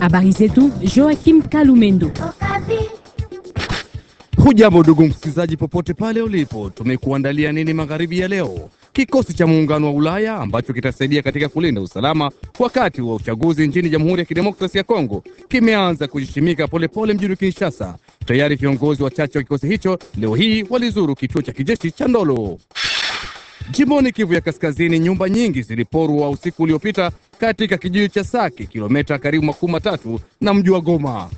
Habari zetu Joakim Kalumendo. Hujambo ndugu msikilizaji, popote pale ulipo, tumekuandalia nini magharibi ya leo? Kikosi cha muungano wa Ulaya ambacho kitasaidia katika kulinda usalama wakati wa uchaguzi nchini Jamhuri ya Kidemokrasia ya Kongo kimeanza kujishimika polepole mjini Kinshasa. Tayari viongozi wachache wa kikosi hicho leo hii walizuru kituo cha kijeshi cha Ndolo. Jimboni Kivu ya Kaskazini, nyumba nyingi ziliporwa usiku uliopita katika kijiji cha Sake, kilomita karibu makumi matatu na mji wa Goma,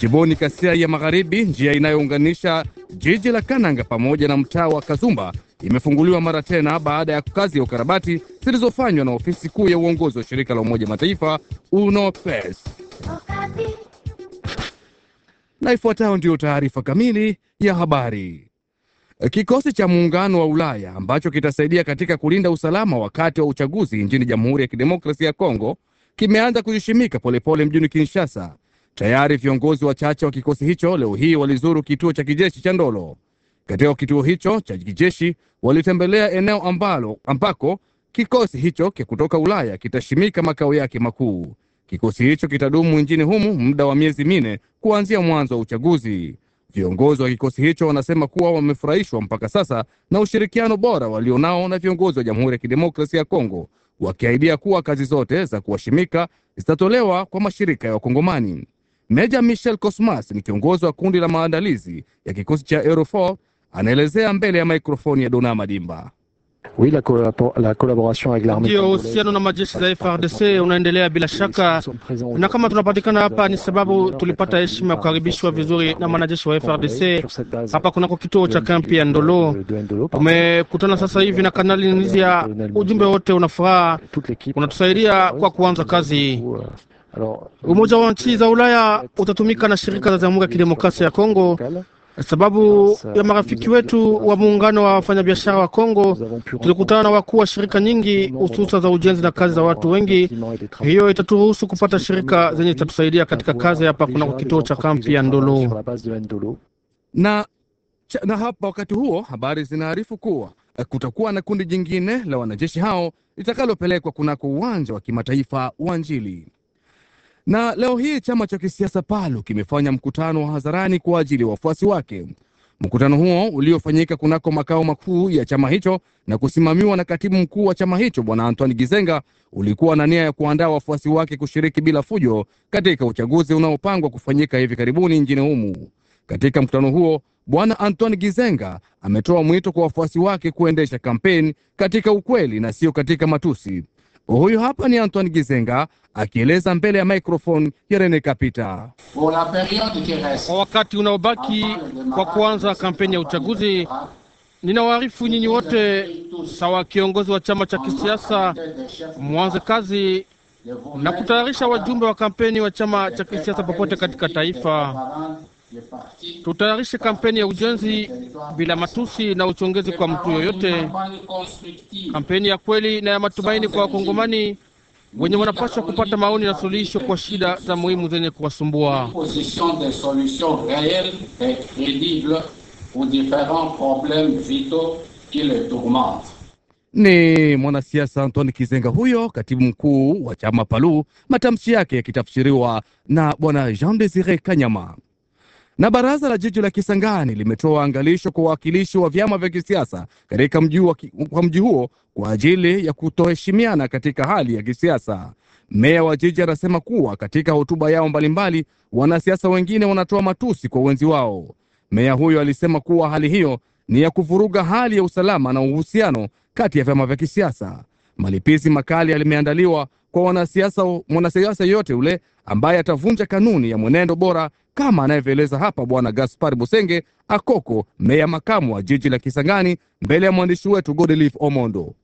jimboni Kasai ya Magharibi. Njia inayounganisha jiji la Kananga pamoja na mtaa wa Kazumba imefunguliwa mara tena baada ya kazi ya ukarabati zilizofanywa na ofisi kuu ya uongozi wa shirika la Umoja Mataifa UNOPES. Na ifuatayo ndiyo taarifa kamili ya habari. Kikosi cha muungano wa Ulaya ambacho kitasaidia katika kulinda usalama wakati wa uchaguzi nchini Jamhuri ya Kidemokrasia ya Kongo kimeanza kuheshimika polepole mjini Kinshasa. Tayari viongozi wachache wa kikosi hicho leo hii walizuru kituo cha kijeshi cha Ndolo. Katika kituo hicho cha kijeshi walitembelea eneo ambalo ambako kikosi hicho kutoka Ulaya kitashimika makao yake makuu. Kikosi hicho kitadumu nchini humu muda wa miezi minne kuanzia mwanzo wa uchaguzi. Viongozi wa kikosi hicho wanasema kuwa wamefurahishwa mpaka sasa na ushirikiano bora walionao na viongozi wa Jamhuri ya Kidemokrasia ya Kongo, wakiahidia kuwa kazi zote za kuwashimika zitatolewa kwa mashirika ya Wakongomani. Meja Michel Cosmas ni kiongozi wa kundi la maandalizi ya kikosi cha Euro 4 anaelezea mbele ya maikrofoni ya Dona Madimba. Oui, la, la collaboration avec l'armée. Ndio, uhusiano na majeshi za FRDC unaendelea bila shaka, na kama tunapatikana hapa ni sababu tulipata heshima ya kukaribishwa vizuri na wanajeshi wa FRDC hapa kunako kituo cha kampi ya Ndolo. Tumekutana sasa hivi na Kanali Nizia, ujumbe wote una furaha, unatusaidia kwa kuanza kazi. Euh, Umoja wa euh, nchi za Ulaya utatumika na shirika za Jamhuri ya Kidemokrasia ya Kongo sababu ya marafiki wetu wa muungano wa wafanyabiashara wa Kongo, tulikutana na wakuu wa shirika nyingi hususa za ujenzi na kazi za watu wengi. Hiyo itaturuhusu kupata shirika zenye zitatusaidia katika kazi hapa kunako kituo cha kampi ya Ndolo na, na hapa wakati huo habari zinaarifu kuwa eh, kutakuwa na kundi jingine la wanajeshi hao litakalopelekwa kunako uwanja wa kimataifa wa Njili. Na leo hii chama cha kisiasa PALU kimefanya mkutano wa hadharani kwa ajili ya wafuasi wake. Mkutano huo uliofanyika kunako makao makuu ya chama hicho na kusimamiwa na katibu mkuu wa chama hicho bwana Antoine Gizenga ulikuwa na nia ya kuandaa wafuasi wake kushiriki bila fujo katika uchaguzi unaopangwa kufanyika hivi karibuni nchini humu. Katika mkutano huo bwana Antoine Gizenga ametoa mwito kwa wafuasi wake kuendesha kampeni katika ukweli na sio katika matusi. Huyu hapa ni Antoine Gizenga akieleza mbele ya microphone ya Rene Kapita. Kwa wakati unaobaki kwa kuanza kampeni ya uchaguzi, ninawaarifu nyinyi wote sawa kiongozi wa chama cha kisiasa, mwanze kazi na kutayarisha wajumbe wa kampeni wa chama cha kisiasa popote katika taifa Tutayarishe kampeni ya ujenzi bila matusi na uchongezi kwa mtu yoyote, kampeni ya kweli na ya matumaini kwa wakongomani wenye wanapaswa kupata maoni na suluhisho kwa shida za muhimu zenye kuwasumbua. Ni mwanasiasa Antoine Kizenga huyo, katibu mkuu wa chama Palu, matamshi yake yakitafsiriwa na bwana Jean Desire Kanyama. Na baraza la jiji la Kisangani limetoa angalisho kwa wawakilishi wa vyama vya kisiasa katika mji mji huo kwa ajili ya kutoheshimiana katika hali ya kisiasa. Meya wa jiji anasema kuwa katika hotuba yao mbalimbali, wanasiasa wengine wanatoa matusi kwa wenzi wao. Meya huyo alisema kuwa hali hiyo ni ya kuvuruga hali ya usalama na uhusiano kati ya vyama vya kisiasa. Malipizi makali yalimeandaliwa kwa wanasiasa, mwanasiasa yote ule ambaye atavunja kanuni ya mwenendo bora kama anavyoeleza hapa Bwana Gaspar Busenge Akoko, meya makamu wa jiji la Kisangani, mbele ya mwandishi wetu Godelief Omondo.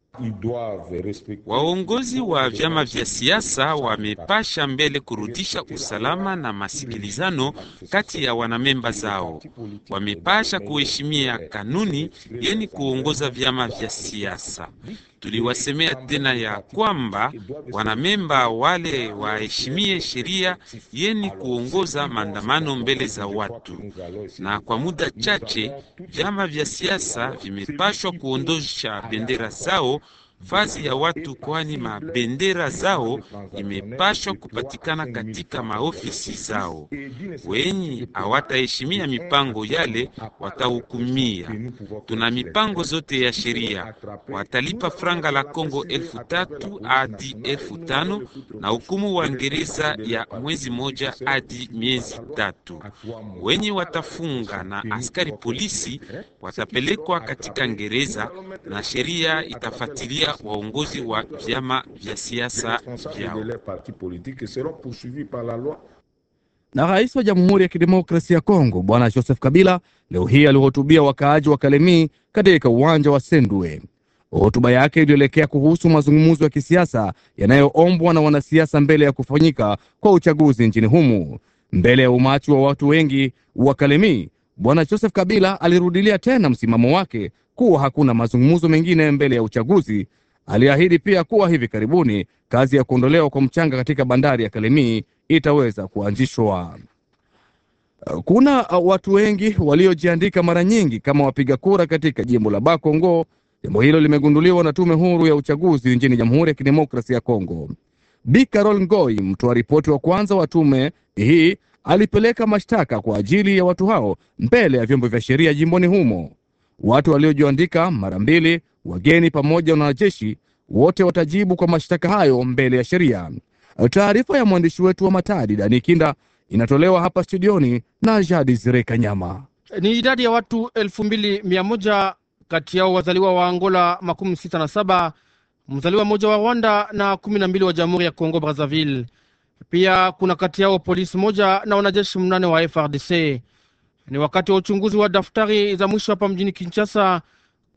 Waongozi wa vyama vya siasa wamepasha mbele kurudisha usalama na masikilizano kati ya wanamemba zao. Wamepasha kuheshimia kanuni yeni kuongoza vyama vya siasa. Tuliwasemea tena ya kwamba wanamemba wale waheshimie sheria yeni kuongoza maandamano mbele za watu, na kwa muda chache vyama vya siasa vimepashwa kuondosha bendera zao fasi ya watu, kwani mabendera zao imepashwa kupatikana katika maofisi zao. Wenye hawataheshimia mipango yale watahukumia. Tuna mipango zote ya sheria, watalipa franga la Kongo elfu tatu hadi elfu tano na hukumu wa Ngereza ya mwezi moja hadi miezi tatu. Wenye watafunga na askari polisi watapelekwa katika Ngereza na sheria itafuatilia waongozi wa vyama vya siasa vyao. Na rais wa Jamhuri ya Kidemokrasia ya Kongo Bwana Joseph Kabila leo hii alihutubia wakaaji wa Kalemie katika uwanja wa Sendwe. Hotuba yake ilielekea kuhusu mazungumzo ya kisiasa yanayoombwa na wanasiasa mbele ya kufanyika kwa uchaguzi nchini humu. Mbele ya umati wa watu wengi wa Kalemie, Bwana Joseph Kabila alirudilia tena msimamo wake kuwa hakuna mazungumzo mengine mbele ya uchaguzi. Aliahidi pia kuwa hivi karibuni kazi ya kuondolewa kwa mchanga katika bandari ya Kalemie itaweza kuanzishwa. Kuna watu wengi waliojiandika mara nyingi kama wapiga kura katika jimbo la Bakongo. Jambo hilo limegunduliwa na tume huru ya uchaguzi nchini Jamhuri ya Kidemokrasia ya Kongo. Bi Carol Ngoi, mtoa ripoti wa kwanza wa tume hii, alipeleka mashtaka kwa ajili ya watu hao mbele ya vyombo vya sheria jimboni humo watu waliojiandika mara mbili, wageni pamoja na wanajeshi wote watajibu kwa mashtaka hayo mbele ya sheria. Taarifa ya mwandishi wetu wa Matadi Dani Kinda inatolewa hapa studioni na Jadi Zireka Nyama. Ni idadi ya watu elfu mbili mia moja kati yao wazaliwa wa Angola makumi sita na saba mzaliwa mmoja wa Rwanda na kumi na mbili wa Jamhuri ya Kongo Brazzaville. Pia kuna kati yao polisi moja na wanajeshi mnane wa FRDC. Ni wakati wa uchunguzi wa daftari za mwisho hapa mjini Kinshasa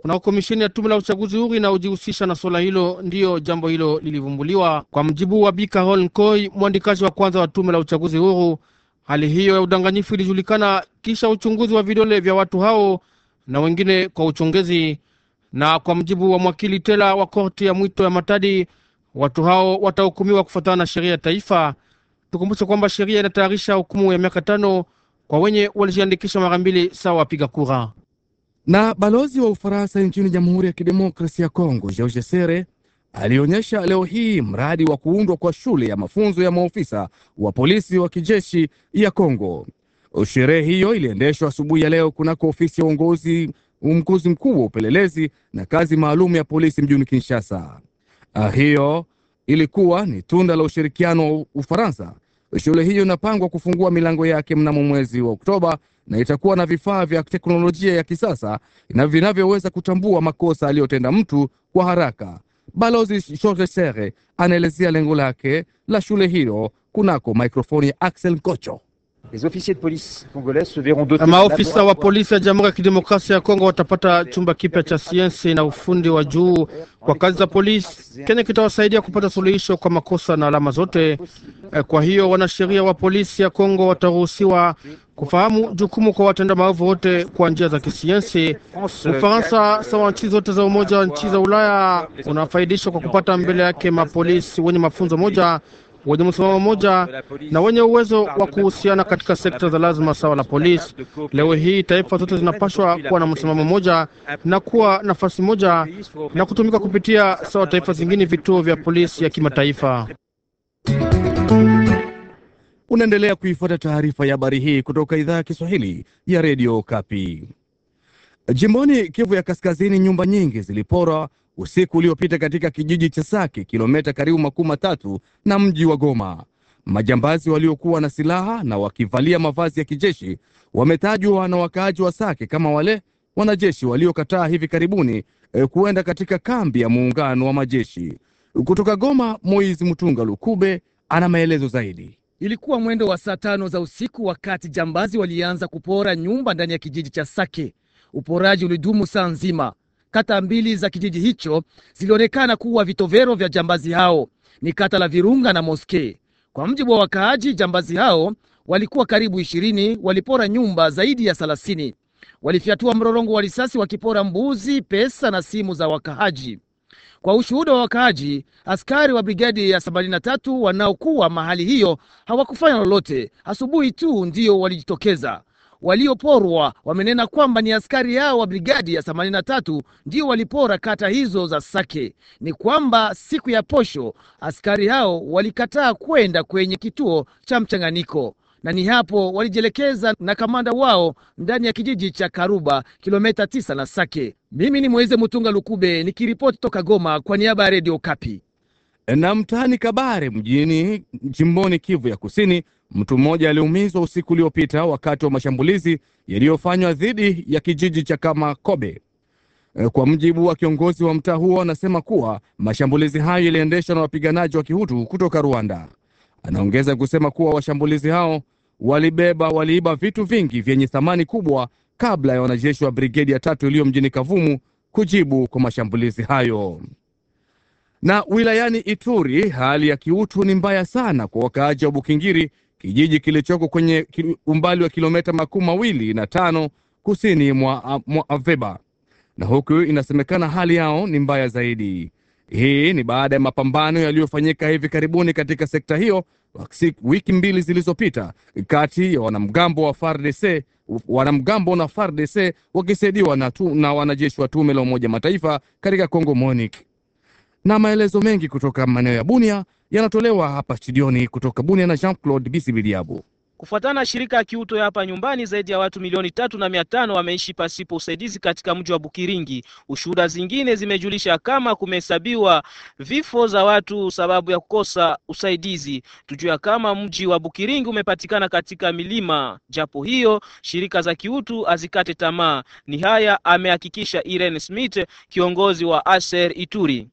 kuna komisheni ya tume la uchaguzi huru inayojihusisha na suala hilo, ndiyo jambo hilo lilivumbuliwa. Kwa mjibu wa Bi Carol Nkoi, mwandikaji wa kwanza wa tume la uchaguzi huru, hali hiyo ya udanganyifu ilijulikana kisha uchunguzi wa vidole vya watu hao na wengine kwa uchongezi. Na kwa mjibu wa mwakili Tela wa korti ya mwito ya Matadi, watu hao watahukumiwa kufuatana na sheria ya taifa. Tukumbushe kwamba sheria inatayarisha hukumu ya miaka tano kwa wenye walijiandikisha mara mbili sawa wapiga kura. Na balozi wa Ufaransa nchini Jamhuri ya Kidemokrasia ya Kongo George Sere alionyesha leo hii mradi wa kuundwa kwa shule ya mafunzo ya maofisa wa polisi wa kijeshi ya Kongo. Sherehe hiyo iliendeshwa asubuhi ya leo kunako ofisi ya uongozi mkuzi mkuu wa upelelezi na kazi maalum ya polisi mjini Kinshasa. Ah, hiyo ilikuwa ni tunda la ushirikiano wa Ufaransa Shule hiyo inapangwa kufungua milango yake mnamo mwezi wa Oktoba na itakuwa na vifaa vya teknolojia ya kisasa vinavyoweza kutambua makosa aliyotenda mtu kwa haraka. Balozi George Sere anaelezea lengo lake la shule hilo kunako mikrofoni ya Axel Kocho. Les officiers de police congolais se verront dotés. Maofisa wa polisi ya Jamhuri ya Kidemokrasia ya Kongo watapata chumba kipya cha sayansi na ufundi wa juu kwa kazi za polisi. Kenya kitawasaidia kupata suluhisho kwa makosa na alama zote. Eh, kwa hiyo wanasheria wa polisi ya Kongo wataruhusiwa kufahamu jukumu kwa watenda maovu wote kwa njia za kisiensi. Ufaransa sawa nchi zote za Umoja wa Nchi za Ulaya unafaidishwa kwa kupata mbele yake mapolisi wenye mafunzo moja wenye msimamo mmoja na wenye uwezo wa kuhusiana katika sekta za lazima sawa la polisi. Leo hii taifa zote zinapashwa kuwa na msimamo mmoja na kuwa nafasi moja na kutumika kupitia sawa taifa zingine, vituo vya polisi ya kimataifa. Unaendelea kuifuata taarifa ya habari hii kutoka idhaa ya Kiswahili ya redio Kapi. Jimboni Kivu ya Kaskazini, nyumba nyingi ziliporwa usiku uliopita katika kijiji cha Sake, kilomita karibu makumi matatu na mji wa Goma. Majambazi waliokuwa na silaha na wakivalia mavazi ya kijeshi wametajwa na wakaaji wa Sake kama wale wanajeshi waliokataa hivi karibuni e, kuenda katika kambi ya muungano wa majeshi kutoka Goma. Moizi Mtunga Lukube ana maelezo zaidi. Ilikuwa mwendo wa saa tano za usiku wakati jambazi walianza kupora nyumba ndani ya kijiji cha Sake. Uporaji ulidumu saa nzima. Kata mbili za kijiji hicho zilionekana kuwa vitovero vya jambazi hao, ni kata la Virunga na Moske. Kwa mjibu wa wakaaji, jambazi hao walikuwa karibu ishirini, walipora nyumba zaidi ya thelathini, walifyatua mrorongo wa risasi wakipora mbuzi, pesa na simu za wakaaji. Kwa ushuhuda wa wakaaji, askari wa brigadi ya 73 wanaokuwa mahali hiyo hawakufanya lolote, asubuhi tu ndiyo walijitokeza walioporwa wamenena kwamba ni askari yao wa brigadi ya 83 ndio walipora kata hizo za Sake. Ni kwamba siku ya posho askari hao walikataa kwenda kwenye kituo cha mchanganyiko na ni hapo walijielekeza na kamanda wao ndani ya kijiji cha Karuba, kilomita tisa na Sake. Mimi ni Moize Mutunga Lukube nikiripoti toka Goma kwa niaba ya Redio Kapi. Na mtaani Kabare mjini jimboni Kivu ya Kusini, Mtu mmoja aliumizwa usiku uliopita wakati wa mashambulizi yaliyofanywa dhidi ya kijiji cha Kamakobe. Eh, kwa mjibu wa kiongozi wa mtaa huo, anasema kuwa mashambulizi hayo yaliendeshwa na wapiganaji wa kihutu kutoka Rwanda. Anaongeza kusema kuwa washambulizi hao walibeba waliiba vitu vingi vyenye thamani kubwa kabla ya wanajeshi wa brigedi ya tatu iliyo mjini Kavumu kujibu kwa mashambulizi hayo. Na wilayani Ituri, hali ya kiutu ni mbaya sana kwa wakaaji wa Bukingiri kijiji kilichoko kwenye umbali wa kilomita makumi mawili na tano kusini mwa, mwa Aveba, na huku inasemekana hali yao ni mbaya zaidi. Hii ni baada ya mapambano yaliyofanyika hivi karibuni katika sekta hiyo wiki mbili zilizopita kati ya wanamgambo wa FARDC wanamgambo na FARDC wakisaidiwa na, na wanajeshi wa tume la Umoja Mataifa katika Kongo MONUC na maelezo mengi kutoka maeneo ya Bunia yanatolewa hapa studioni kutoka Bunia na Jean Claude Bisibiliabu. Kufuatana na shirika ya kiuto ya hapa nyumbani, zaidi ya watu milioni tatu na mia tano wameishi pasipo usaidizi katika mji wa Bukiringi. Ushuhuda zingine zimejulisha kama kumehesabiwa vifo za watu sababu ya kukosa usaidizi. Tujua kama mji wa Bukiringi umepatikana katika milima, japo hiyo shirika za kiutu hazikate tamaa. Ni haya amehakikisha Irene Smith, kiongozi wa Aser Ituri.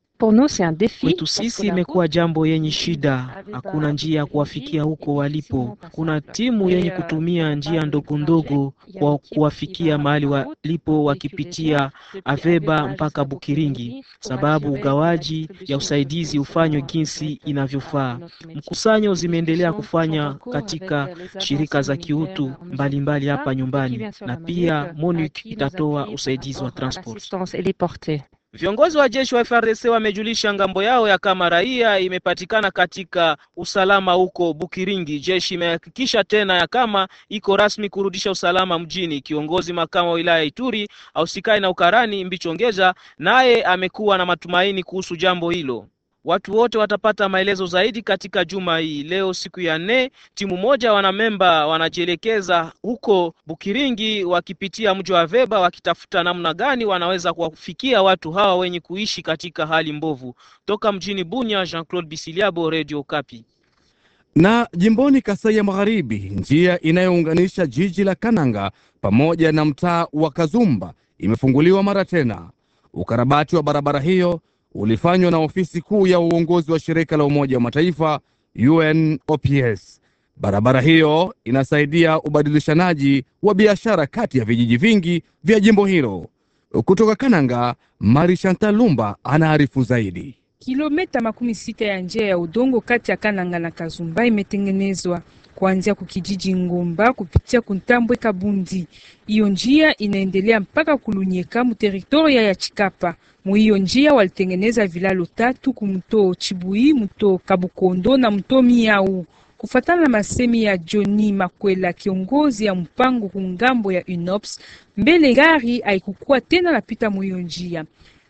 Kwetu sisi imekuwa jambo yenye shida, hakuna njia ya kuwafikia huko walipo. Kuna timu yenye euh, kutumia njia ndogo ndogo kwa kuwafikia mahali walipo, wakipitia Aveba mpaka Bukiringi, sababu ugawaji ya usaidizi ufanywe jinsi inavyofaa. Mkusanyo zimeendelea kufanya katika euh, shirika za kiutu mbalimbali hapa nyumbani, na pia MONUC itatoa usaidizi wa transport. Viongozi wa jeshi wa frdc wamejulisha ngambo yao ya kama raia imepatikana katika usalama huko Bukiringi. Jeshi imehakikisha tena ya kama iko rasmi kurudisha usalama mjini. Kiongozi makamu wa wilaya Ituri ausikai na ukarani Mbichongeza naye amekuwa na matumaini kuhusu jambo hilo. Watu wote watapata maelezo zaidi katika juma hii. Leo siku ya nne, timu moja wanamemba wanajielekeza huko Bukiringi wakipitia mji wa Veba wakitafuta namna gani wanaweza kuwafikia watu hawa wenye kuishi katika hali mbovu. Toka mjini Bunya, Jean-Claude Bisiliabo, Radio Kapi. Na jimboni Kasai ya Magharibi, njia inayounganisha jiji la Kananga pamoja na mtaa wa Kazumba imefunguliwa mara tena. Ukarabati wa barabara hiyo ulifanywa na ofisi kuu ya uongozi wa shirika la Umoja wa Mataifa UNOPS. Barabara hiyo inasaidia ubadilishanaji wa biashara kati ya vijiji vingi vya jimbo hilo. Kutoka Kananga, Mari Chantal Lumba anaarifu zaidi. Kilometa makumi sita ya njia ya udongo kati ya Kananga na Kazumba imetengenezwa kuanzia kukijiji Ngomba kupitia Kuntambwe Kabundi. Hiyo njia inaendelea mpaka Kulunyeka muteritoria ya Chikapa. Muhiyo njia walitengeneza vilalo tatu kumto Chibui, mto Kabukondo na mto Miau. Kufatana na masemi ya Johnny Makwela, kiongozi ya mpango kungambo ya UNOPS, mbele gari haikukuwa tena napita muhiyo njia,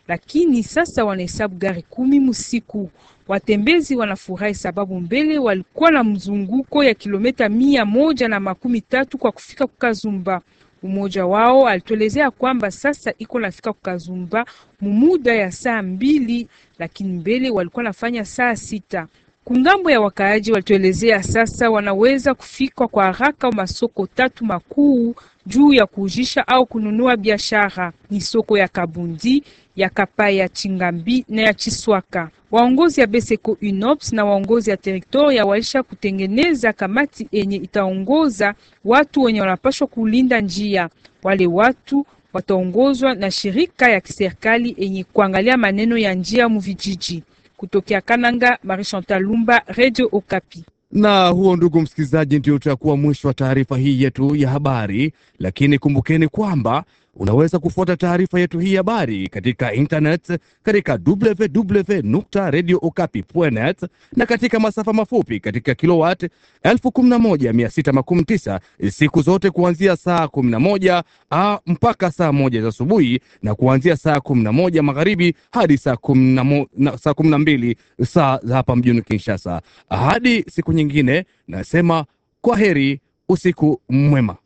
lakini sasa wanahesabu gari kumi musiku Watembezi wanafurahi sababu mbele walikuwa na mzunguko ya kilomita mia moja na makumi tatu kwa kufika Kukazumba. Umoja wao alituelezea kwamba sasa iko nafika Kukazumba mumuda ya saa mbili, lakini mbele walikuwa nafanya saa sita. Kungambo ya wakaaji walituelezea sasa wanaweza kufika kwa haraka masoko tatu makuu juu ya kuujisha au kununua biashara: ni soko ya Kabundi ya Kapai ya Chingambi na ya Chiswaka. Waongozi ya Beseko UNOPS na waongozi ya teritoria waisha kutengeneza kamati enye itaongoza watu wenye wanapashwa kulinda njia. Wale watu wataongozwa na shirika ya kiserikali enye kuangalia maneno ya njia muvijiji. Kutokea Kananga, Marie Chantal Lumba, Radio Okapi. Na huo ndugu msikilizaji, ndio utakuwa mwisho wa taarifa hii yetu ya habari, lakini kumbukeni kwamba Unaweza kufuata taarifa yetu hii habari katika internet katika www.radiookapi.net na katika masafa mafupi katika kilowat 11619 siku zote kuanzia saa 11 a mpaka saa moja za asubuhi na kuanzia saa 11 magharibi hadi saa 12 saa za hapa mjini Kinshasa. Hadi siku nyingine, nasema kwa heri, usiku mwema.